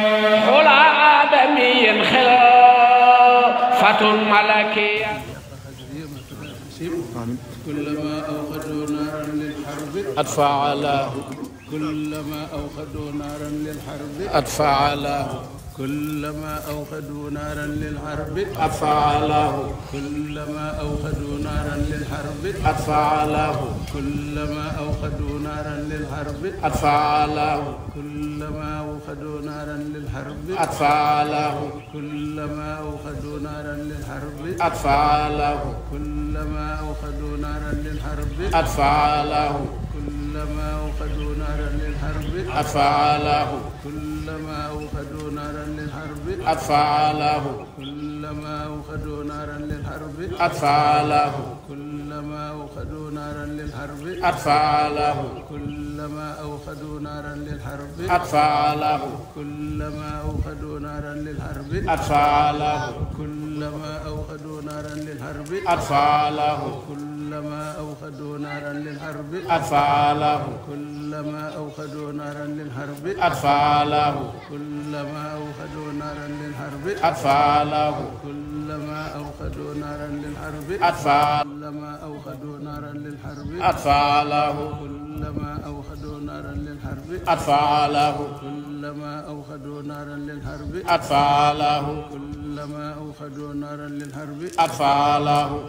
العالمي خلافة ملكية كلما نارا للحرب أدفع على كلما أوخذوا نارا للحرب أدفع على كلما أوقدوا نارا للحرب أفعله كلما أوقدوا نارا للحرب أفعله كلما أوقدوا نارا للحرب أفعله كلما أوقدوا نارا للحرب أفعله كلما أوقدوا نارا للحرب أفعله كلما أوقدوا نارا للحرب أفعله كلما أوقدوا نارا للحرب أفعله كلما أوقدوا نارا أفعله كلما أخذوا نارا للحرب أفعله كلما أخذوا نارا للحرب أفعله كلما أخذوا نارا للحرب أفعله كلما أخذوا نارا للحرب أفعله كلما أخذوا نارا للحرب أفعله كل كلما أوقدوا نارا للحرب أطفأه كلما أوقدوا نارا للحرب أطفأه كلما أوقدوا نارا للحرب أطفأه كلما أوقدوا نارا للحرب أطفأه كلما أوقدوا نارا للحرب أطفأه كلما أوقدوا نارا للحرب أطفأه كلما أوقدوا نارا للحرب أطفأه كلما أوقدوا نارا للحرب أطفأه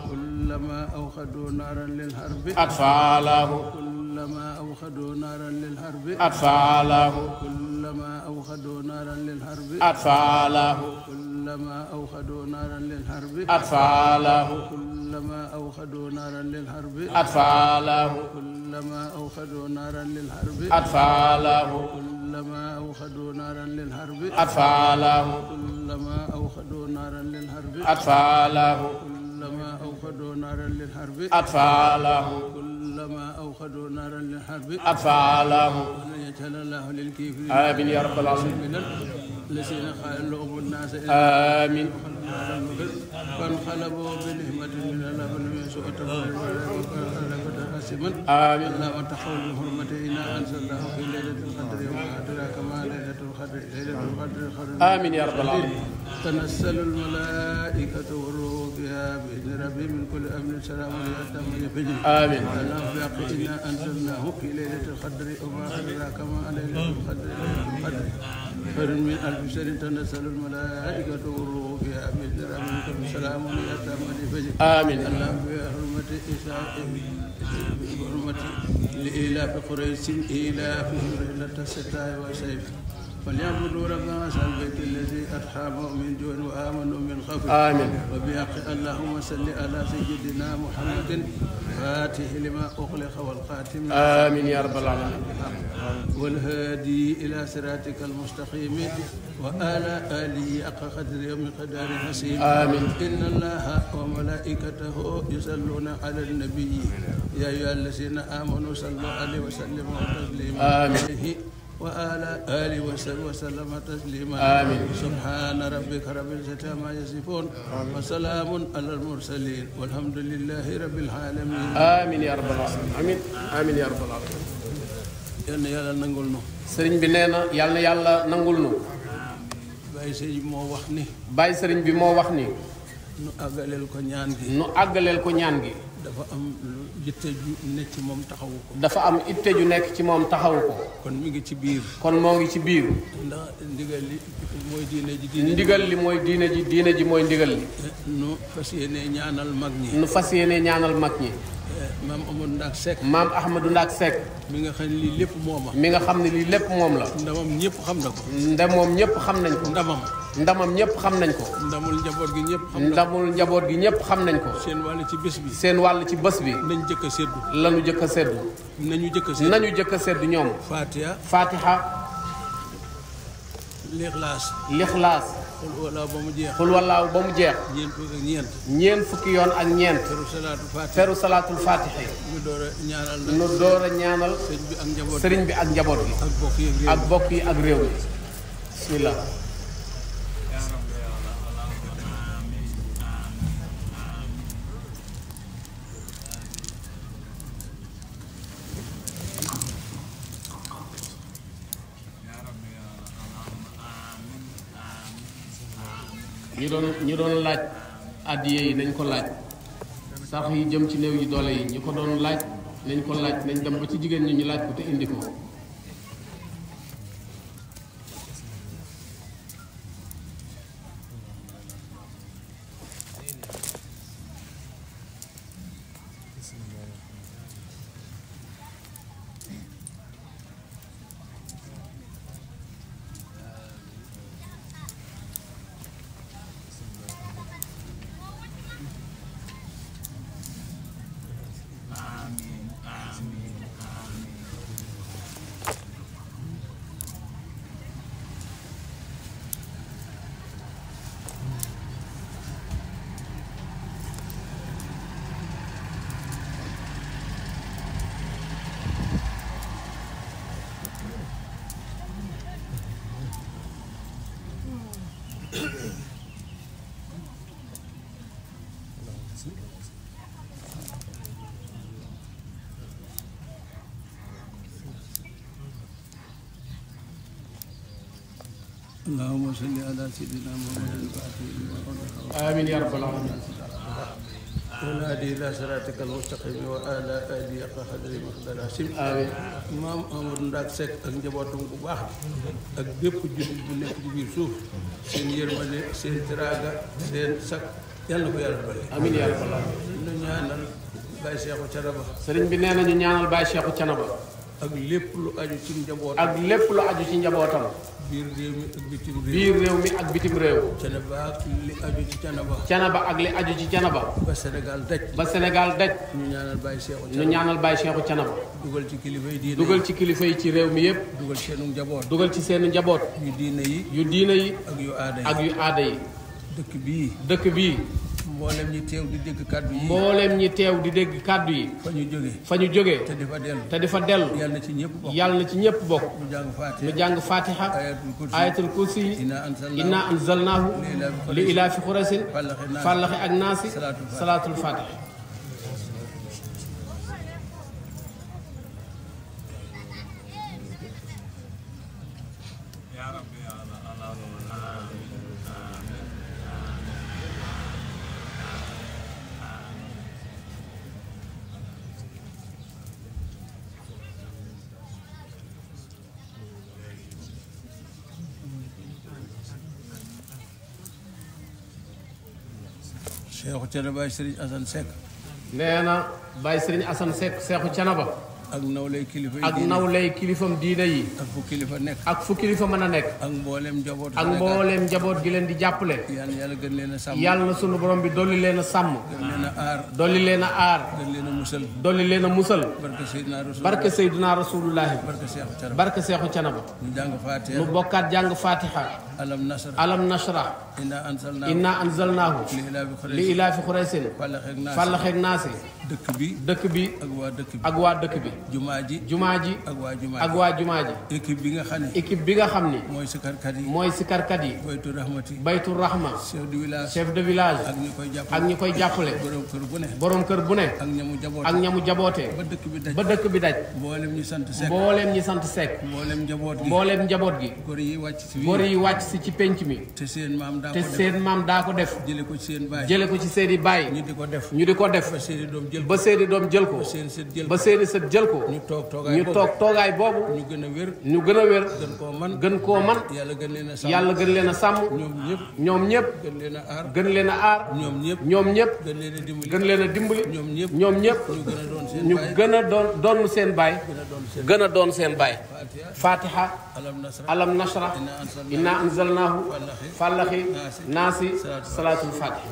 كلما أوقدوا نارا للحرب أطفاله كلما أوقدوا نارا للحرب أطفاله كلما أوقدوا نارا للحرب أطفاله كلما أوقدوا نارا للحرب أطفاله كلما أوقدوا نارا للحرب أطفاله كلما أوقدوا نارا للحرب أطفاله كلما أوقدوا نارا للحرب أطفاله كلما أوقدوا نارا للحرب أطفاله كلما أوقدوا نارا للحرب أطفاله كلما أوقدوا نارا للحرب أطفاله وليجعل الله للكيف آمين يا رب العالمين الذين خلقوا الناس آمين فانقلبوا بنعمة من الله ولم يسوء قاسما آمين لا في ليلة القدر أدراك ما ليلة القدر ليلة القدر آمين يا رب العالمين تنزل الملائكة والروح بها بإذن ربي من كل أمن سلام ويأتم يفجر آمين الأخلاق إنا أنزلناه في ليلة القدر أما أدراك كما ليلة القدر ليلة القدر خير من ألف سنة تنزل الملائكة والروح بها بإذن ربي من كل سلام ويأتم يفجر آمين في بحرمة إساء بحرمة لإلاف قريش إلافهم ليلة الستاء وسيف فليعبدوا رب هذا البيت الذي أرحم من دون وآمنوا من خوف آمين وبحق اللهم صل على سيدنا محمد فاته لما أغلق والقاتم آمين يا رب العالمين والهادي إلى صراطك المستقيم وآل آله حق قدر يوم قدر حسيب آمين إن الله وملائكته يصلون على النبي يا أيها الذين آمنوا صلوا عليه وسلموا تسليما آمين وآل آل وسلم تسليما آمين سبحان ربك رب العزة ما يصفون وسلام على المرسلين والحمد لله رب العالمين آمين يا رب العالمين آمين يا رب العالمين يا يالا نقول نو سرين بنينا يالا يالا نقول نو باي سرين بمو وحني باي سرين بمو وحني نو أغلل كو نيانجي نو أغلل كو نيانجي dafa am yitte ju nekk ci moom taxawu ko. dafa am itte ju nekk ci moom taxawu ko. kon mi ngi ci biir. kon moo ngi ci biir. ndax ndigal li mooy diine ji. diine ji ndigal mooy diine ji diine ji mooy ndigal li. Eh, nu fas yéene ñaanal mag ñi. nu fas yéene ñaanal mag ñi. mam Amadou Ndaak Seck. maam Ahmadou Ndaak sek mi nga xam ne lii lépp moom la. mi nga xam ne lii lépp moom la. ndamam ñëpp xam na ko. ñëpp xam nañ ko. ndamam. ndamam ñëpp xam nañ ko. ndamul njaboot gi ñëpp xam ndamul njaboot gi ñëpp xam nañ ko. seen wàll ci bés bi. seen wàll ci bés bi. nañ jëkk a seddu. lanu jëkk a seddu. nañu jëkk a seddu nañu jëkk seddu ñoom. Fatiha. Fatiha. Lixlaas. Lixlaas. xul wallaaw ba mu jeex. xul wallaaw ba mu jeex. ñeent fukki ak ñeent. ñeent fukki yoon ak ñeent. feru salaatul faatihi. feru salaatul faatihi. ñu door a ñaanal nag. ñu door a ñaanal. sëriñ bi ak njaboot sëriñ bi ak njaboot gi. ak bokk yi ak réew mi bismillah ñi doon ñi doon laaj addiye yi nañ ko laaj sax yi jëm ci néew yi doole yi ñu ko doon laaj nañ ko laaj nañ dem ba ci jigéen ñi ñu laaj ko te indi ko اللهم صل على سيدنا محمد الفاتح آمين يا رب العالمين ونادي ak njabootam bu baax bépp jullit seen yërmande seen teraanga seen sakk yàlla ko yàlla sëriñ bi nee na ñu ñaanal Baye Cheikhou Thiénaba ak lépp lu aju ak lépp lu aju ci njabootam biir réew mi ak bitim réew. biir réew mi ak bitim réew. canaba ak li aju ci canaba. canaba ba Sénégal daj. ba Sénégal daj. ñu ñaanal Baye Cheikhou. ñu ñaanal Baye Cheikhou canaba. dugal ci kilifa yi diine ci kilifa yi ci réew mi yëpp. dugal ci seenu njaboot. dugal ci seenu njaboot. yu diine yi. yu ak yu aada yi ak yu aada yi. dëkk bii. dëkk bii. mboolem ñi teew di dégg kaddu yi mboolem ñi teew di dégg kaddu yi fa ñu jógee fa ñu jógee te di fa dellu te di fa dellu yàlla na ci ñëpp bokk yàlla na ci ñëpp bokk ñu jàng fatiha ñu jàng fatiha ayatul kursi inna anzalnahu li ilaafi xurasin fallaxi ak naasi salaatul fatiha Seexu Canaba Baye Serigne Assane Seck. nee na Baye Serigne Assane Seck Seexu Canaba. ak nawlay kilifa yi ak nawlay kilifam diine yi. ak fu kilifa nekk. ak fu kilifa mën a nekk. ak mbooleem njaboot ak mbooleem njaboot gi leen di jàppale. yàlla yàlla gën leen a sàmm. yàlla na sunu borom bi dolli leen a sàmm. gën leen a aar dolli leen a aar. musal. dolli leen a musal. barke Seydina Rasulullah barke Seydina Rasulullah. barke Seexu Canaba barke Seexu Canaba. mu jàng Faatiha mu bokkaat jàng Faatiha. alam nasra alam nasra. inna anzalnaahu inna anzalnaahu. li ilaafi Xuraysin. fallaxeeg naase. dëkk bi dëkk bi. ak waa dëkk bi ak waa dëkk bi. jumaa ji jumaa ji. ak waa jumaa ji ak waa jumaa ji. équipe bi nga xam ne. équipe bi nga xam ne. mooy sikarkat yi mooy sikarkat yi. baytu rahmati baytu rahma. chef de de village. ak ñi koy jàppale ak kër bu ne. ak ñamu jabootee ba dëkk bi daj ba dëkk bi daj. mboolem ñi sant sekk mboolem ñi sant sekk. mboolem njaboot gi mboolem njaboot gi. góor yi wàcc si góor yi wàcc si ci penc mi. te seen maam daa ko def te seen maam daa ko def. jële ko ci seen baay jële ko ci seen i baay. ñu di ko def ñu di ko def. ba seen i doom jël ko ba seen i doom jël ko. ba seen i sët jël ko ba seen i sët jël ko. ñu toog toogaay boobu ñu toog toogaay boobu. ñu gën a wér ñu gën a wér. gën koo man gën koo man. yàlla gën leen a sàmm yàlla gën leen a sàmm. ñoom ñëpp gën leen a aar gën leen a aar. ñoom ñëpp gën leen a dimbali ñu gën a doon doon seen baay gën a doon seen baay fatiha alam nashra inna anzalnaahu fallaxi naasi salaatul fatiha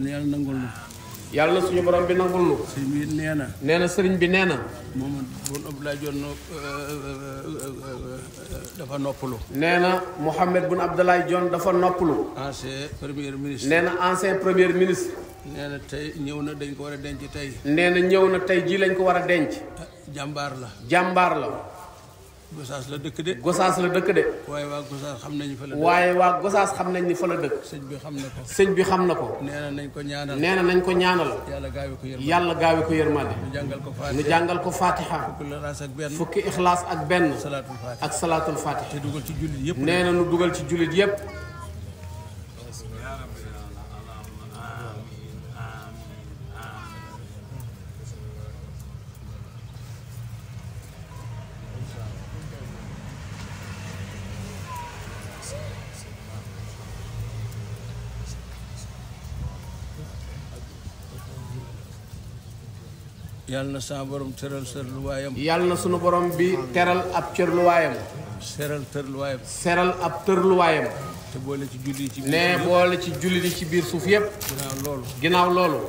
yàlla na yàlla nangul nu yàlla suñu borom bi nangul nee na nee na sëriñ bi nee na moom bun Abdoulaye Dione euh, euh, euh, dafa noppalu nee na Mouhamed bun Abdoulaye Dione dafa noppalu ancien premier ministre nee na ancien premier ministre nee na tey ñëw na dañ ko war a denc tey nee na ñëw na tey jii lañ ko war a denc ah, jàmbaar la jàmbaar la Gosaas la dëkk de. Gosaas la dëkk de. waaye waa Gosaas xam nañ fa la waaye waa Gosaas xam nañ ni fa la dëkk. sëñ bi xam na ko. sëñ bi xam na ko. nee na nañ ko ñaanal. nee na nañ ko ñaanal. yàlla gaawe ko yërmande yàlla gaawe ko yërmande. ñu jàngal ko Fatiha ñu jàngal ko Fatiha. fukki ixlaas ak benn fukki ixlaas ak benn. salaatul Fatiha ak te dugal ci jullit yëpp. nee na nu dugal ci jullit yëpp. yàlla na sama borom teral tërluwaayam. yàlla na sunu borom bi teral ab cërluwaayam. seral tërluwaayam. seral ab tërluwaayam. te boole ci julli ci biir ne boole ci julli ci biir suuf yëpp. ginnaaw loolu.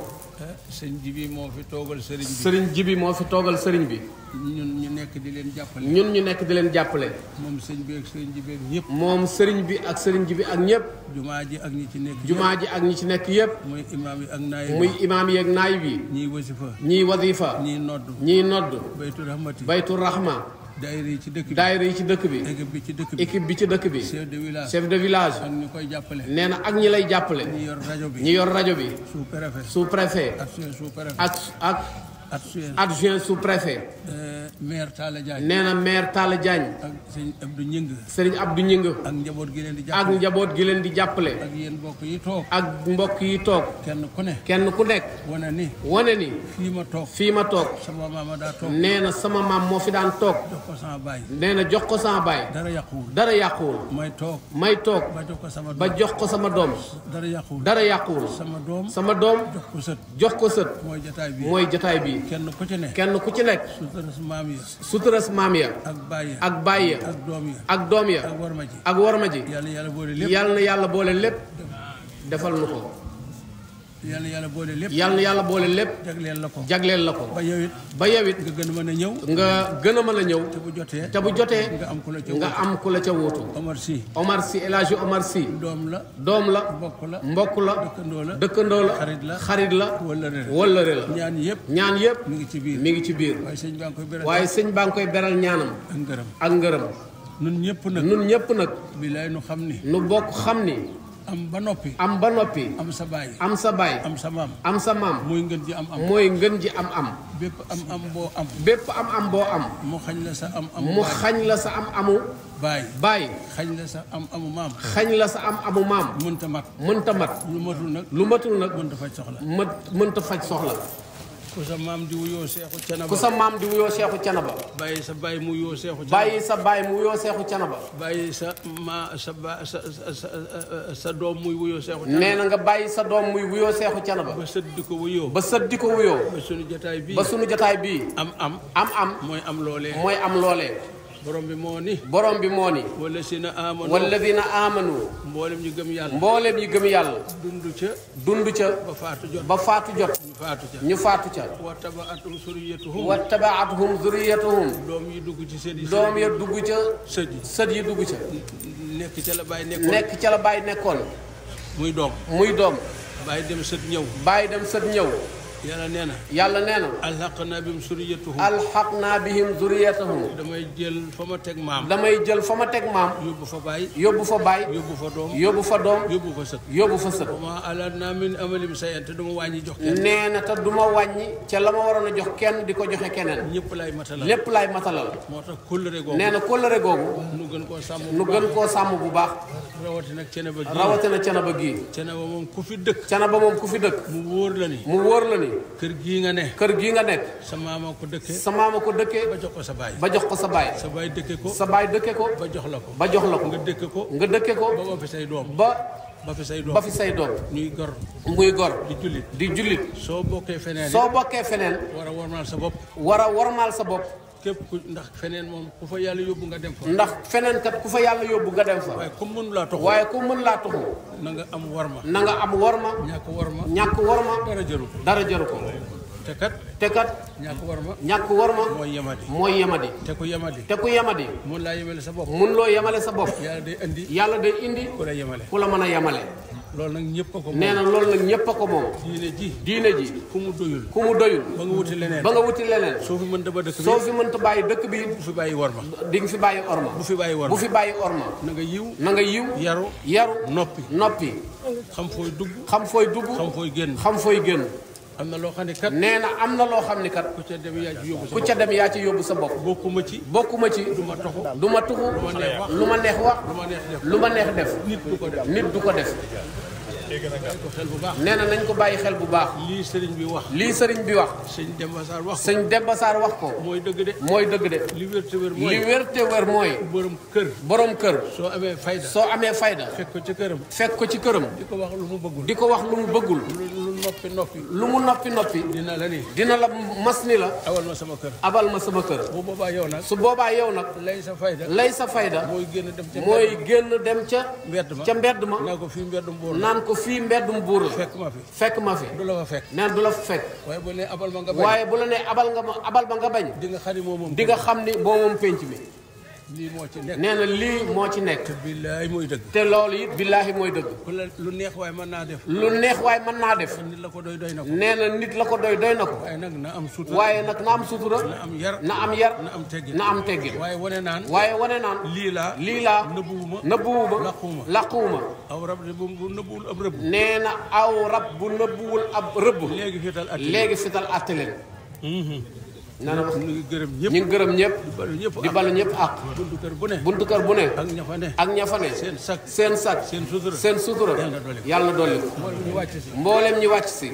sëriñ Jibi moo fi toogal sëriñ bi. sëriñ Jibi moo fi toogal sëriñ bi. ñun ñu nekk di leen jàppale. ñun ñu nekk di leen jàppale. moom sëriñ bi ak sëriñ Jibi ñëpp. moom sëriñ bi ak sëriñ Jibi ak ñëpp. jumaa ji ak ñi ci nekk. jumaa ji ak ñi ci nekk yëpp. muy imaam yi ak naay bi muy imaam yi ak naay bi. ñii wasifa. ñii wasifa. ñii nodd. ñii nodd. baytu rahmati baytu rahma. daayira yi ci dëkk bi daayira yi ci dëkk bi. équipe bi ci dëkk bi équipe bi ci dëkk bi. chef de village chef de village. ak koy jàppale. nee ak ñi lay jàppale. ñi yor rajo bi ñi yor rajo bi. sous préfet sous préfet. ak ak. adjoint sous préfet. Euh, maire Talla Diagne. nee na maire Talla Diagne. ak sëriñ Abdou Ngingue. sëriñ Abdou Ngingue. ak njaboot gi leen di jàppale. njaboot gi leen di jàppale. ak yéen mbokk yi toog. ak mbokk yi toog. kenn ku ne. kenn ku nekk. wane ni. wane ni. fii ma toog. fii ma toog. sama maama daa na sama maam moo fi daan toog. jox baay. nee na jox ko sama baay. dara yàquwul. dara yàquwul. may toog. may toog. ba jox ko sama doom. ba jox ko sama doom. dara yàquwul. dara yàquwul. sama doom. sama doom. jox ko sët. jox ko sët. mooy jotaay bi kenn ku ci kenn ku ci nekk. suturas maam ya. maam ya. ak baay ya ak baay ak doom ya ak doom ya. ak warma ji ak warma ji. yàlla na yàlla boole lépp. yàlla na yàlla boole lépp. defal nu ko. yàlla yàlla boole lépp yàlla yàlla boole lépp. jagleel la ko jagleel la ko. ba yow ba yow nga gën a mën a ñëw. nga gën a mën a ñëw. te bu jotee te bu jotee. nga am ku la ca nga am ku la ca wóotu. Omar si Omar Sy El Hadj Omar si doom la doom la. mbokk la mbokk la. dëkkandoo la dëkkandoo la. xarit la xarit la. wëllëre la wëllëre la. ñaan yëpp ñaan yëpp. mu ngi ci biir mi ngi ci biir. waaye sëñ baa ngi koy beral waaye sëñ baa koy beral ñaanam. ak ngërëm ak ngërëm. nun ñëpp nag nun nu xam ni. nu bokk xam ni am ba noppi. am ba noppi. am sa baay. am sa baay. am sa maam. am sa maam. mooy ngën ji am am. mooy ngën ji am am. bépp am am boo am. bépp am am boo am. mu xañ la sa am amu. xañ la sa am amu. baay baay. xañ la sa am amu maam. xañ la sa am amu maam. mënta mat. mënta mat. lu matul nag. lu matul nag. mënta faj soxla. mën mënta faj soxla. ku sa maam di wuyoo seexu canaba ku sa maam di wuyoo seexu canaba. bàyyi sa baay mu wuyoo seexu canaba bàyyi sa baay mu wuyoo seexu canaba. bàyyi sa ma sa ba sa sa doom muy wuyoo seexu canaba. nee na nga bàyyi sa doom muy wuyoo seexu canaba. ba sët di ko wuyoo. ba sët di ko wuyoo. ba sunu jotaay bii ba sunu jotaay bii. am am am am. mooy am loolee mooy am loolee. borom bi moo ni borom bi moo ni walladina amanu walladina amanu mboolem ñi gëm yàlla mboolem ñi gëm yàlla dund ca dund ca ba faatu jot ba faatu jot ñu faatu ca wa tabaatuhum zuriyatuhum wa tabaatuhum zuriyatuhum doom yi dugg ci sët yi doom yi dugg ca sët yi sët yi dugg ca nekk ca la bàyyi nekkoon nekk ca la bàyyi nekkoon muy doom muy doom bàyyi dem sët ñëw bàyyi dem sët ñëw yàlla nee na. yàlla nee na. alxaq naa bihim zuriyatahum. alxaq naa bihim zuriyatahum. damay jël fa ma teg maam. damay jël fa ma teg maam. yóbbu fa baay. yóbbu fa baay. yóbbu fa doom. yóbbu fa doom. yóbbu fa sët. yóbbu fa sët. wa maa alatnaa min amalihim shay'an te du ma wàññi jox kenn. nee na te du ma wàññi. ca la ma waroon a jox kenn di ko joxe keneen. ñëpp laay matalal lépp laay matalal. moo tax kóllëre googu. nee na kóllëre googu. nu gën koo sàmm bu baax koo sàmm bu baax. rawatina cene ba gii rawatina ba gii. cene moom ku fi dëkk. cene ba moom ku fi dëkk. mu wóor la ni. mu wóor ni kër gii nga ne kër gii nga nekk sa maama ko dëkkee sa maama ko dëkkee ba jox ko sa baay ba jox ko sa baay sa baay dëkkee ko sa baay dëkkee ko ba jox la ko ba jox la ko nga dëkkee ko nga dëkkee ko ba ba fi say doom ba ba fi say doom ba say doom ñuy gor muy gor di jullit di jullit soo bokkee feneen soo bokkee feneen war a warmaal sa bopp war a warmaal sa bopp képp ku ndax feneen moom ku fa yàlla yóbbu nga dem fa. ndax feneen ku fa yàlla yóbbu nga dem fa. waaye ku mën laa toxu. waaye ku mën laa toxu. na nga am war ma nga am warma. ñàkk warma. ñàkk warma. dara jëru ko dara jëru ko. te kat te kat. ñàkk warma ñàkk warma. mooy yemadi mooy yemadi. te ku yemadi te ku yemadi. mun laa yemale sa bopp mun loo yemale sa bopp. yàlla day indi yàlla day indi. ku la yemale ku la mën a yemale. loolu nag ñëpp a ko moom nee na loolu nag ñëpp ko moom. diine ji diine ji. ku mu doyul ku mu doyul. ba nga wuti leneen ba nga wuti leneen. soo fi mënta ba dëkk bi soo fi mënta bàyyi dëkk bi. bu fi bàyyi orma. di nga fi bàyyi orma. bu fi bàyyi orma bu fi bàyyi orma. na nga yiw na nga yiw. yaru yaru noppi noppi. xam fooy xam fooy dugg. xam fooy génn xam fooy génn. am na loo xam ne kat nee na am na loo xam ne kat ku ca dem yaa ci yóbbu sa bopp dem yaa ci yóbbu sa bopp bokkuma ci bokkuma ci du ma tuxu du ma tuxu lu ma neex wax lu ma neex def nit du ko def nit du ko def nee na nañ ko bàyyi xel bu baax lii sëriñ bi wax lii sëriñ bi wax sëñ Demba Sarr wax sëñ Demba Sarr wax ko mooy dëgg de mooy dëgg de li wér te wér mooy li mooy borom kër borom kër soo amee fayda soo amee fayda fekk ko ci këram fekk ko ci këram di ko wax mu bëggul di ko wax lu mu bëggul noppi noppi. lu mu noppi noppi. dina la ni dina la mas ni la. abal ma sama kër. abal ma sama kër. bu boobaa yow nag. su boobaa yow nag. lay sa fayda. lay sa fayda. mooy génn dem ca. mooy génn dem ca. mbedd ma ca mbedd ma. naan ko fii mbeddum buur la naan ko fii mbeddum buur la. fekk ma fi fekk ma fi. du la fa fekk. naan du la fa fekk. waaye bu la nee abal ma nga bañ. bu la nee abal nga ma abal ma nga bañ. di nga xam ni moom moom pénc mi lii moo nekk nee na lii moo ci nekk. te billaahi mooy dëgg. te loolu it billaahi mooy dëgg. lu neex waay mën naa def. lu neex waaye mën naa def. nit la ko doy doy na ko. nee na nit la ko doy doy na ko. waaye nag na am sutura. waaye nag na am sutura. na am yar na am yar. na am teggin na am teggin. waaye wane naan. waaye wane naan. lii laa. lii laa nëbbuwuma. nëbbuwuma laquwuma laquwuma. aw rab bu nëbbuwul ab rëbb. nee na aw rab bu nëbbuwul ab rëbb. léegi fital atté leen léegi fital atté nee na ñu gërëm ñëpp ñëpp. di balu ñëpp àq. buntu kër bu ne buntu kër bu ne. ak ña fa ne ak ña fa ne. seen sakk seen sakk. seen sutura seen sutura. yàlla dolli ko yàlla dolli ko. mboolem ñu wàcc si.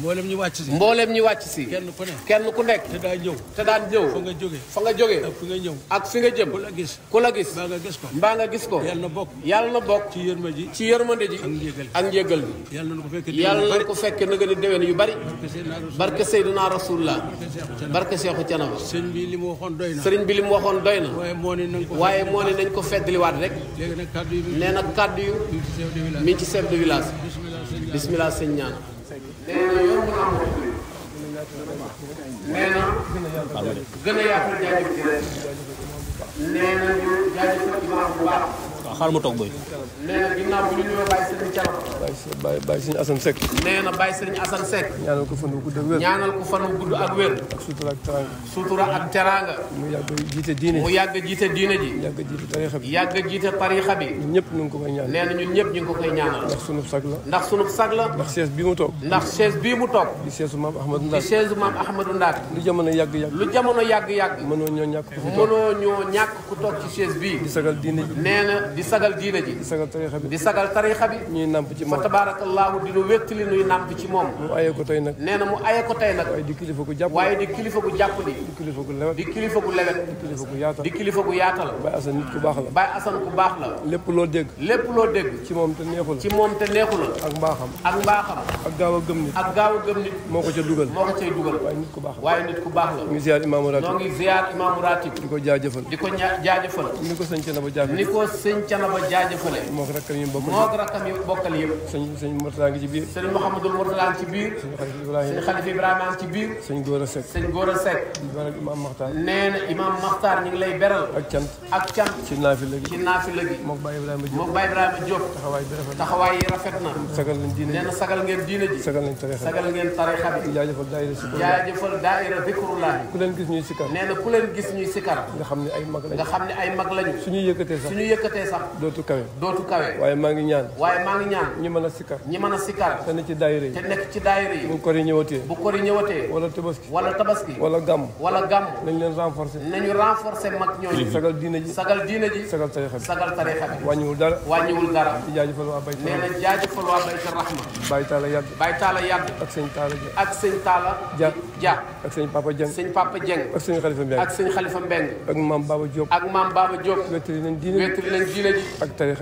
mboolem ñi wàcc si. ñi wàcc si. kenn ku nekk kenn ku nekk. te daan ñëw te daan ñëw. fa nga jóge fa nga jógee. nga ñëw ak fi nga jëm. ku la gis ku gis. mbaa nga gis ko mbaa nga gis ko. yàlla na bokk yàlla na bokk. ci yërmande ji ci yërmande ji. ak njégal bi yàlla na ko fekkee yàlla na ko fekkee na nga ni déwén yu bari. barke Seydina Rasulullah barke Seexu Canaba. sëriñ bi li mu waxoon doy na. bi li mu waxoon doy na. waaye moo ne nañ ko feddliwaat rek. nee na kàddu yu mi ngi ci chef de village bismillah sëñ ñaan nee na yomb na am waxtu na gën a yaatu jaajëf ji na ñu jaajëfal imaam xaar ma toog booy. nee na ginnaaw bi ñu nuyoo Baye Serigne Thiam. Baye Baye Serigne Assane Seck. nee na Baye Serigne Assane Seck. ñaanal ko fan wu gudd ak wér. ñaanal ko fan wu gudd ak wér. ak sutura ak teraanga. mu yàgg jiite diine. mu yàgg jiite diine ji. yàgg jiite tariixa bi. yàgg jiite tariixa bi. ñu ngi ko koy ñaanal. ñëpp ñu ngi ko koy ñaanal. ndax sunu sag la. ndax sunu sag la. ndax chaise bii mu toog. ndax chaise bii mu toog. di chaise maam Ahmadou Ndaak. di chaise maam Ahmadou Ndaak. lu jamono yàgg yàgg. lu jamono yàgg yàgg. mënoo ñoo ñàkk ku toog ci chaise bii. sagal diina ji. di sagal tariixa bi di sagal tariixa bi. ñuy nàmp ci moom fa tabaarakallaahu di lu wéttali nuy nàmp ci moom. mu aye ko tey nag. nee na mu aye ko tey nag. waaye di kilifa gu jàpp waaye di kilifa gu jàpp di kilifa gu lewet di kilifa gu lewet. di kilifa gu yaatal di kilifa gu yaatal. Baye Assane nit ku baax la. Baye Assane ku baax la. lépp loo dégg. lépp loo dégg. ci moom te neexu la. ci moom te neexu la. ak mbaaxam ak mbaaxam. ak gaaw a gëm nit. ak gaaw a gëm nit. moo ko ca dugal moo ko cay dugal. waaye nit ku baax la waaye nit ku baax la. ñu ngi ziar imaamu ratib ñoo ngi ziar imaamu ratib. di ko jaajëfal di ko jaajëfal. ni ko sëñ Thierno Ba jaajëfale moo ko rakkam yi bokkal moo ko rakkam yi bokkal yëpp sëñ sëñ Mourtala ngi ci biir sëñ Mouhamadou Mourtala ngi ci biir sëñ Khalifa Ibrahima ngi ci biir sëñ Gora Seck sëñ Gora Seck Imam Makhtar nee na Imam Makhtar ñu ngi lay beral ak cant ak cant ci naafila gi ci naafila gi moom Baye Ibrahima Diop moom Baye Ibrahima Diop taxawaay bi rafet taxawaay yi rafet na sagal nañ diine nee na sagal ngeen diine ji sagal nañ tarixa sagal ngeen tarixa bi jaajëfal daayira si jaajëfal daayira Zikrullahi ku leen gis ñuy sikar nee na ku leen gis ñuy sikar nga xam ne ay mag lañ nga xam ne ay mag lañu suñuy yëkkatee sax suñuy yëkkatee sax dootu kawe dootu kawe waaye maa ngi ñaan waaye maa ngi ñaan ñi mën a sikkar ñi mën a sikkar te nekk ci daayira yi te nekk ci daayira yi bu kori ñëwatee bu kori ñëwatee wala tabaski wala tabaski wala gàmm wala gàmm nañ leen renforcer nañu renforcer mag ñooñu sagal diina ji sagal diina ji sagal tarixa bi sagal tarixa bi wàññiwul dara wàññiwul dara di jaajëfal waa bayta nee na jaajëfal waa bayta rahma baytaala yàgg baytaala yàgg ak sëñ taala ak sëñ taala Dia. ak sëñ Papa Dieng. sëñ Papa Dieng. ak sëñ Khalifa Mbeng. ak sëñ Khalifa Mbeng. ak maam Baba Diop. ak maam Baba Diop. wéttali nañ diine wéttali nañ diine ji. ak ñu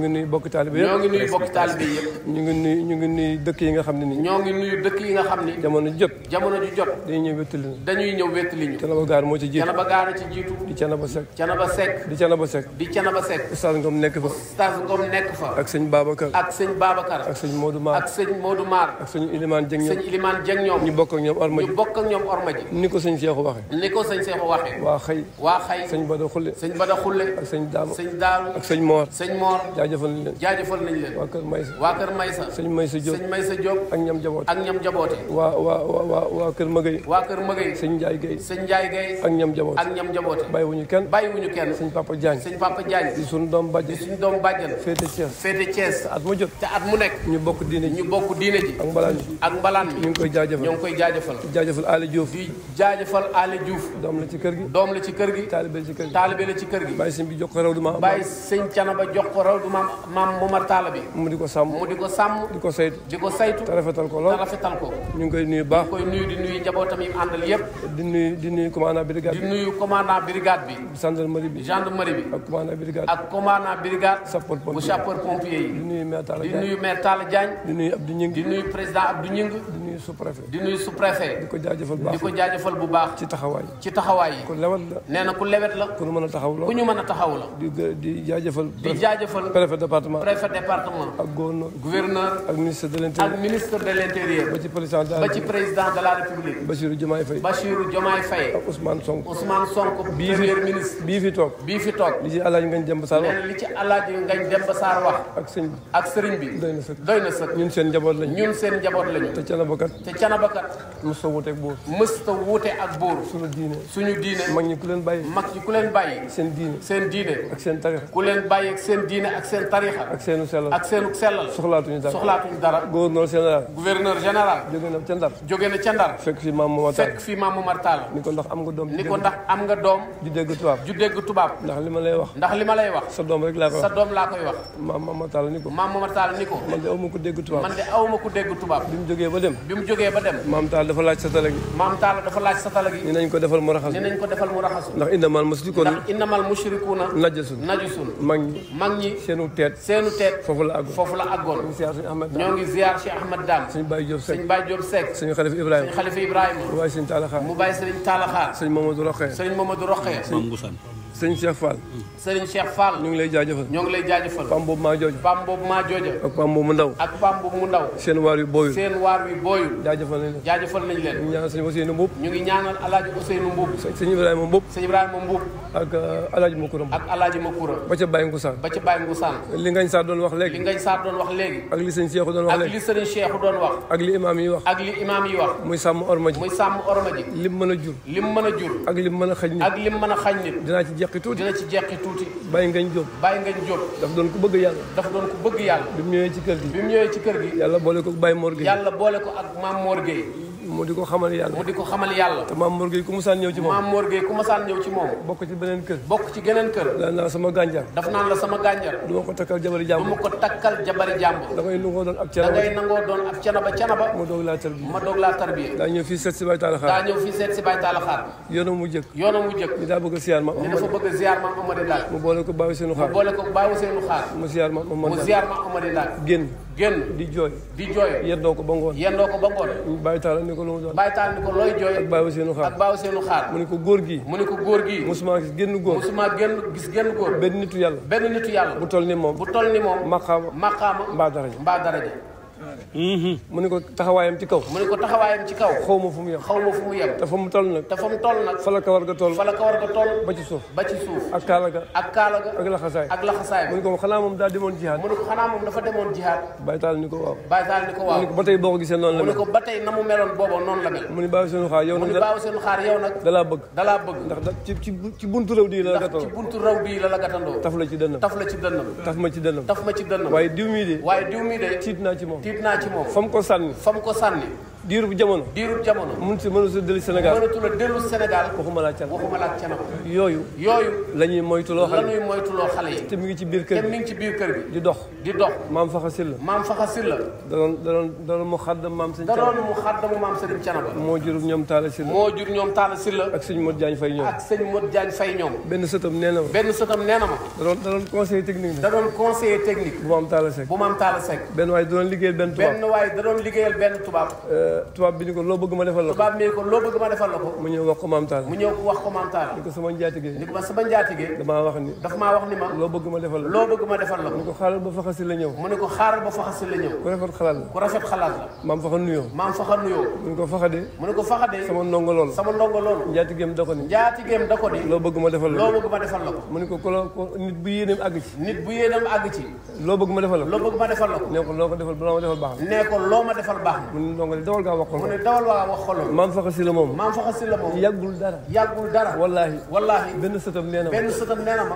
ngi nuyu bokk yi nga xam ne nii. ñoo ngi nuyu yi nga xam ni. jamono jot jamono ju jot. dañuy ñëw wéttali ñu. dañuy ñëw wéttali ñu. Canaba moo ci jiitu Canaba Gaar ci jiitu. di Canaba Seck. Canaba Seck. di Canaba Seck. di Canaba Seck. Oustaz Ngom nekk fa. Oustaz Ngom nekk fa. ak sëñ Babacar. ak sëñ Babacar. ak sëñ Modou Mar. ak sëñ Modou Mar. ak Dieng ñoom sëñ Ilimane Dieng ñoom ñu bokk ak ñoom orma ji ñu bokk ak ñoom orma ji ni ko sëñ Seexu waxee ni ko sëñ Seexu waxee waa xëy nañ leen jaajëfal nañ leen waa kër Maysa waa kër Maysa sëñ Maysa Diop sëñ Maysa Diop ak ñam jaboote ak ñam jaboote waa waa waa waa kër Magay waa kër Magay sëñ Njaay Gay sëñ Njaay Gay ak ñam jaboote ak ñam jaboote bàyyiwuñu kenn bàyyiwuñu kenn sëñ Papa ñu sëñ Papa Diagne di suñu doom bàjjan suñu doom bàjjan féete Thiès féete Thiès at mu jot te at mu nekk ñu bokk diine ji ñu bokk diine ak mbalaan ji balaan bi ñu ngi koy jaajëfal ñoo ngi koy jaajëfal jaajëfal Aly Diouf di doom la ci kër gi doom la ci kër gi taalibe la ci kër gi taalibe la ci bi jox ko raw du maam bàyyi sëñ Canaba ko raw du maam maam Momar Talla bi mu di ko sàmm mu di ko sàmm di ko saytu di ko saytu te ko ñu ngi koy nuyu baax koy nuyu di nuyu njabootam yi àndal yëpp di di nuyu commandant brigade di nuyu commandant bi gendarmerie bi gendarmerie bi ak commandant brigade ak commandant brigade sapeur bu sapeur pompier yi di nuyu maire Talla Diagne di nuyu Abdou Ñing di di nuyu sous-préfet di nuyu sous-préfet ko jaajëfal bu baax ci taxawaay ci taxawaay yi ku lewet la nee na ku lewet la ku ñu mën a taxaw la ku ñu mën a taxaw la di di jaajëfal di jaajëfal préfet département préfet département ak gouverneur gouverneur ak ministre de l'intérieur ba ci président de la république Bassirou Diomaye Faye Bassirou Diomaye Faye ak Ousmane Sonko Ousmane Sonko premier ministre bii fi toog bii fi toog li ci alaaji ngañ demba saar wax ak sëriñ bi doy na sëkk ñun seen njaboot lañu canaba kat te canaba kat mës ta wuute ak buur mës ta wuute ak buur suñu diine suñu diine mag ñi ku leen bàyyi mag ñi ku leen bàyyi seen diine seen diine ak seen tarixa ku leen bàyyi ak seen diine ak seen tarixa ak seenu sellal ak seenu sellal soxlaatuñu dara soxlaatuñu dara gouverneur général gouverneur général jóge na ca ndar jóge na ca ndar fekk fi maam Momar Tall fekk fi maam Momar Tall ni ko ndax am nga doom ni ko am nga doom ju dégg tubaab ju dégg tubaab ndax li ma lay wax ndax li ma lay wax sa doom rek laa koy wax maam Momar Tall ni ko ma ma ko dégg ba dem bi mu jógee ba dem maam taal dafa laaj satala gi maam taal dafa laaj satala gi ni nañ ko defal mu raxas ni nañ ko defal mu raxasu ndax innamal mushrikuuna ndax innamal mushrikuuna najasun najasun mag ñi mag ñi seenu teet seenu teet foofu la àggoon foofu la àggoon ñoo ngi ziar Cheikh Ahmad Dam suñu Baye Diop Seck suñu Baye Diop Seck suñu xalifa Ibrahima suñu xalifa Ibrahima mu bàyyi sëriñ Taalaxaar mu bàyyi sëriñ Taalaxaar sëriñ Mamadou Roqee sëriñ Mamadou Roqee sëriñ Ngoussane sëñ Cheikh Fall. sëñ Cheikh Fall. ñu ngi lay jaaj ñoo ngi lay jaajëfal. pam boobu maa jooja. pam boobu maa jooja. ak pam boobu mu ndaw. ak pam boobu mu ndaw. yu booyul. seen waar yu booyul. jaajëfal nañ leen. jaajëfal nañ leen. ñu ngi ñaanal sëñ Ousseynou Mboub. ñu ngi ñaanal El Hadj Ousseynou Mboub. sëñ Ibrahima Mboub. sëñ Ibrahima Mboub. Euh, ak El Hadj Makoura ba ca ba ca li ngañ saa doon wax léegi. li ngañ saa doon wax léegi. ak li sëñ Cheikh doon wax léegi. ak li sëñ Cheikh doon wax. ak li imaam yi wax. li imaam muy sàmm orma muy sàmm orma lim mën a jur. lim mën a jur. ak lim mën a xañ nit. a jeqi tuuti dina ci jeqi tuuti bàyyi ngañ jóob bàyyi ngañ jóob daf doon ku bëgg yàlla daf doon ku yàlla bi ñëwee ci kër gi bi ñëwee ci kër gi yàlla boole ko ak Baye Mor Gueye boole ko ak Mame Mor Gueye mu di ko xamal yàlla mu di ko xamal yàlla te maam Mor Gueye ku musaan ñëw ci moom maam Mor Gueye ku musaan ñëw ci moom bokk ci beneen kër bokk ci geneen kër daan naa sama gànjar daf naan la sama gànjar du ma ko takkal jabari jàmbur du ma ko takkal jabari jàmbur da ngay nangoo doon ab cana da ngay nangoo doon ab cana ba cana ba ma doog laa tarbiya ma doog laa tarbiya daa ñëw fii seet si Baye Talla Xaar daa ñëw fii seet si Baye Talla Xaar yoona mu jëkk yoona mu jëkk ni daa bëgg a ziar ma ni dafa bëgg a ziar ma Amady Laat mu boole ko bàyyi seenu xaar mu boole ko bàyyi seenu xaar mu ziar ma Amady Laat mu ziar ma Amady Laat génn génn di jooy di jooy yendoo ko ba ngoon yendoo ko ba ngoon bàyyi taala ni ko lu mu doon bàyyi taala ni looy jooy ak baaw seenu xaar ak baaw seenu xaar mu ni ko góor gi mu ni ko góor gii musuma gis génn góor musuma génn gis génn góor benn nitu yàlla benn nitu yàlla bu toll ni moom bu tol ni moom maqaama maqaama mbaa daraja mbaa daraja Mm-hmm. mu ne ko taxawaayam ci kaw mu ne ko taxawaayam ci kaw xaw ma fu mu yem xaw mu yem nag te mu toll nag la kawar na mu meloon booba noonu la mel mu ne baaw seenu xaar yow nag mu ne baaw seenu xaar la taf la ci dënnam taf ma ci dënnam taf ma ci dënnam waaye diw mii de tiit naa ci moom naa ci moom fa ko sànni fa mu ko sànni diirub jamono. diirub jamono. mënut si mënut si dellu Sénégal mënatula dellu Sénégal. waxuma laa can waxuma laa can yooyu. yooyu la ñuy moytuloo xale yi la ñuy moytuloo xale yi. te mi ngi ci biir kër gi te mi ngi ci biir kër gi. di dox di dox. maam faxasil la. maam faxasil la. danoon danoon danoon mu xàddam maam sëñ. danoon mu xàddamu maam sëñ Canaba. moo jur ñoom Talla Sylla. moo jur ñoom Talla Sylla. ak sëñ Modou Diagne Faye ñoom. ak sëñ Modou Diagne Faye ñoom. benn sëtam nee na ma. benn sëtam nee na ma. danoon danoon conseiller technique. danoon conseiller technique. bu maam Talla Seck bu maam Talla Seck. benn waay da doon liggéeyal benn tubaab benn waay da doon liggéeyal benn tubaab tubaab bi ni ko loo bëgg ma defal la ko tubaab bi ni ko loo bëgg ma defal la ko mu ñëw wax ko maam taal mu ñëw wax ko maam taal ni ko sama njaatigee ni ko sama njaatigee damaa wax ni daf maa wax ni ma loo bëgg ma defal la loo bëgg ma defal la ko mu ne ko xaaral ba faxasi la ñëw mu ne ko xaaral ba faxasi la ñëw ku rafet xalaat la ku rafet xalaat la maam faxa nuyoo maam faxa nuyoo mu ne ko faxadee mu ne ko faxadee sama ndongo loolu sama ndongo loolu njaatigeem da ko ni njaatigeem da ko ni loo bëgg ma defal la loo bëgg ma defal la ko mu ne ko kolo nit bu yéeneem àgg ci nit bu yéeneem àgg ci loo bëgg ma defal la ko loo bëgg ma defal la ko nee ko loo ko defal loo ma defal baax na nee ko loo ma defal baax na mu ne ndongo li dawal ngaa wax mu ne dawal waa wax xoloon maam faxa si la moom maam faxa si la moom yàggul dara yàggul dara wallaahi benn sëtam nee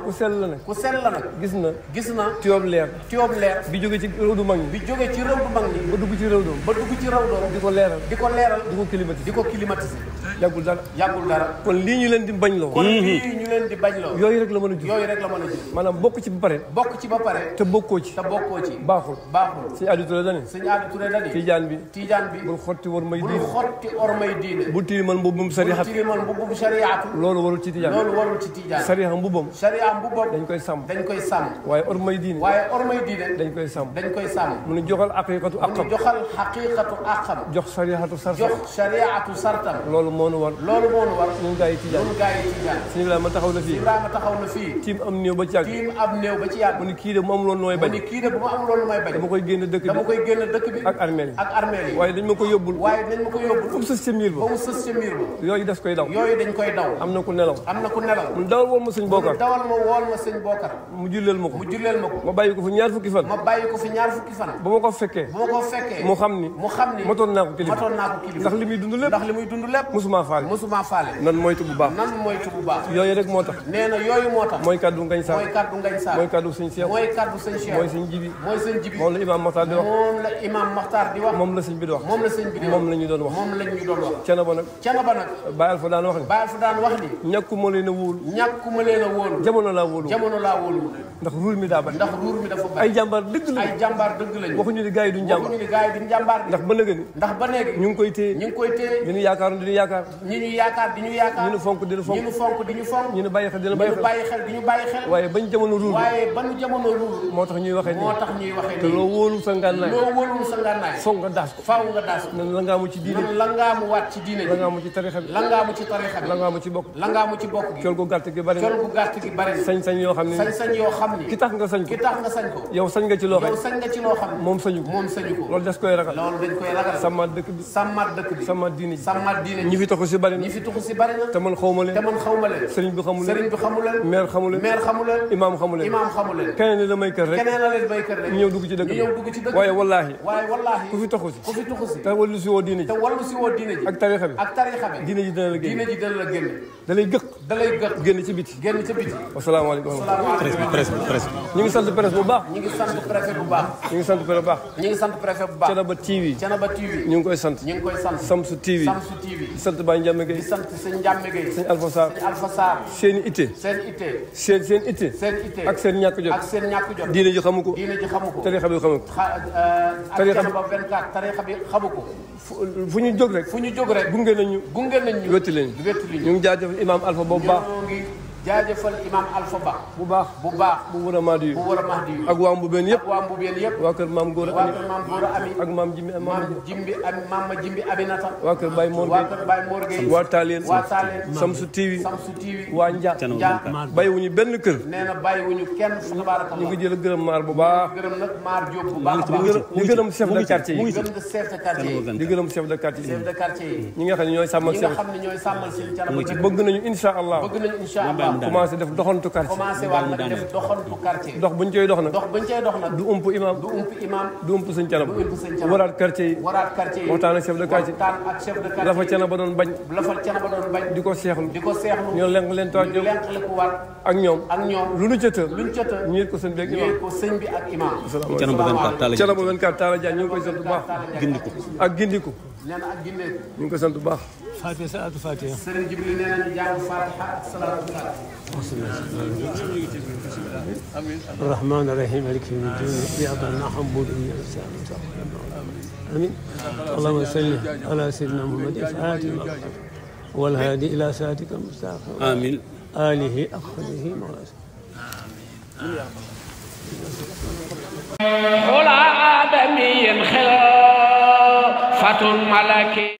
ku sell la nag ku gis na gis na tiyoob leer tiyoob leer bi jóge ci réew du mag ñi bi jóge ci réew du mag ñi ba dugg ci réew doom ba dugg ci réew doom di ko leeral di ko leeral di ko climatiser di ko climatiser yàggul dara yàggul dara kon lii ñu leen di bañ loo kon lii ñu leen di bañ la mën a jur yooyu rek la mën a jur maanaam bokk ci ba pare bokk ci ba pare te bokkoo ci baaxul baaxul sëñ Adi Touré dane bi tijaan xotti war may diine bul xotti war may diine bu tilimal mbubbum sariya bu tilimal mbubbum sariyaatu loolu warul ci tijaan loolu warul ci tijaan sariya mbubbam sariya mbubbam dañ koy sàmm dañ koy sàmm waaye or may diine waaye or may diine dañ koy sàmm dañ koy sàmm mu ne joxal xaqiqatu aqam mu ne joxal xaqiqatu aqam jox sariyaatu sartam jox sariyaatu sartam loolu moo nu war loolu moo nu war ñun gaa yi tijaan ñun gaa yi tijaan sëñ Ibrahima taxaw na fii Ibrahima taxaw na fii tiim am néew ba ci yàgg tiim am néew ba ci yàgg mu ne kii de mu am loolu nooy bañ mu ne kii de bu ma am loolu nooy bañ dama koy génn dëkk bi dama koy génn dëkk bi ak armée yi ak armée yi waaye dañ ma ko yóbbu yóbbul waaye nañ ma ko yóbbul fu mu sës ca miir ba ba mu sës ca miir ba yooyu daf koy daw yooyu dañ koy daw am na ku nelaw am na ku nelaw mu dawal woon ma sëñ bookar dawal ma wool ma sëñ bookar mu julleel ma ko mu julleel ma ko ma bàyyi ko fi ñaar fukki fan ma bàyyi ko fi ñaar fukki fan ba ma ko fekkee ba ma ko fekkee mu xam ni mu xam ni matoon naa ko kilifa matoon naa ko kilifa ndax li muy dund lépp ndax li muy dund lépp musuma faale musuma faale nan moytu bu baax nan moytu bu baax yooyu rek moo tax nee na yooyu moo tax mooy kaddu ngañ saar mooy kaddu ngañ saar mooy kaddu sëñ Cheikh mooy kaddu sëñ Cheikh mooy sëñ jibi mooy sëñ jibi moom la imam Maxtaar di wax moom la imam Maxtaar di wax moom la sëñ bi di wax moom la sëñ sëñ bi moom la ñu doon wax moom la ñu doon wax canaba nag canaba nag bàyyil fa daan wax ni bàyyil fa daan wax ni ñàkkuma leen a wóolu ñàkkuma leen a wóolu jamono laa wóolu jamono laa wóolu ndax ruur mi daa bari ndax ruur mi dafa bari ay jàmbaar dëgg la ay jàmbaar dëgg lañu waxuñu ni gars yi duñ jàmbaar waxuñu ni gars yi duñ jàmbaar ndax ba nëgë ni ndax ba nëgë ñu ngi koy téye ñu ngi koy téye ñu ñu yaakaar di ñu yaakaar ñu ñu yaakaar di ñu yaakaar ñu nu fonk di ñu fonk ñu nu fonk di ñu fonk ñu nu bàyyi xel di ñu bàyyi xel di ñu bàyyi xel waaye bañ jamono ruur waaye ba nu jamono ruur moo tax ñuy waxee nii moo tax ñuy waxee nii te loo wóolu sa ngànnaay loo wóolu sa ngànnaay foog nga daas ko faaw nga daas ko nan langaamu ci diine langaamu waat ci diine langaamu ci tarixa bi langaamu ci tarixa bi langaamu ci bokk langaamu ci bokk gi col gu gàtt gi bari col gu gàtt gi bari sañ-sañ yoo xam ne sañ-sañ yoo xam ne ki tax nga sañ ko ki tax nga sañ ko yow sañ nga ci loo xam yow sañ nga ci loo xam ne moom sañu ko moom sañu ko loolu des koy ragal loolu dañ koy ragal sàmmaat dëkk bi sàmmaat dëkk bi sàmmaat diine ji sàmmaat diine ñi fi taxu si bari na ñi fi taxu si bari na te man xawma leen te man xawma leen sëriñ bi xamu leen sëriñ bi xamu leen maire xamu leen maire xamu leen imaam xamu leen imaam xamu leen keneen la may kër rek keneen la may kër rek ñu ñëw dugg ci dëkk bi waaye wallaahi waaye wallaahi ku fi taxu si ku fi taxu si wallu si woo diine ji te wallu si woo diine ji ak tarixa bi ak tarixa bi diine ji dana la génn diine ji dana la génn da lay gëq da lay gëq génn ci biti génn ci biti asalaamaaleykum presse bi presse bi presse bi ñu ngi sant presse bu baax ñu ngi sant préfet bu baax ñu ngi sant préfet bu baax ñu ngi sant préfet bu baax Thiénaba TV Thiénaba TV ñu ngi koy sant ñu ngi koy sant Samsu TV Samsu TV di sant Baye Ndiame Gueye di sant sëñ Ndiame Gueye sëñ Alpha Sarr sëñ Alpha Sarr seen ité seen ité seen seen ité seen ité ak seen ñàkk jot ak seen ñàkk jot diine ji xamu ko diine ji xamu ko tarixa bi xamu ko euh, tarixa bi xamu ko fu ñu jóg rek. fu ñu jóg rek gunge nañ ñu. gunge nañ ñu wetti lañ ñu. ñu ngi jaajëf imaam Alpha boobu baax. jaajëfal imam Alpha Ba. bu baax bu baax. bu war a Mahdi bu war a Mahdi ak waa Mbubeen yëpp ak waa Mbubeen yëpp. waa kër maam Gora Ami ak maam Jimbi ak maam Jimbi ak maam Jimbi Aminata. waa kër Baye Mor waa kër Baye Mor Gueye. waa Taaleen waa Taaleen. Samsu TV Samsu TV. waa Nja Nja bàyyiwuñu benn kër. nee na bàyyiwuñu kenn fu tabaraka ñu ngi jël gërëm maar bu baax. gërëm nag maar Diop bu baax a baax. ñu gërëm chef de quartier yi. di gërëm chef de quartier yi. ñi nga xam ne ñooy sàmmal seen. bëgg nañu incha allah commencé def doxantu quartier. commencé waat nag def doxantu quartier. dox buñ cay dox nag. dox buñ cay du ump imam du ump imam. du ump waraat quartier yi. waraat quartier yi waxtaan ak chef ba doon bañ. la ko seexlu di ko seexlu. ñu lenk leen toog ñu lenk leen waat. ak ñoom ak lu nu ca ñu yëg ko sëñ ak imam. ñu yëg ko sëñ taala jaan ñu ngi sant ko sant bu baax فاتحة نعم، صلاة فاتحة جبريل صلاة الرحمن الرحيم مالك يا الدين إياك نعبد وإياك نستعين آمين اللهم صل على سيدنا محمد الفاتح والهادي إلى صراطك المستقيم آمين آله أخذه مراسل آمين ولا آدمي خلافة ملكي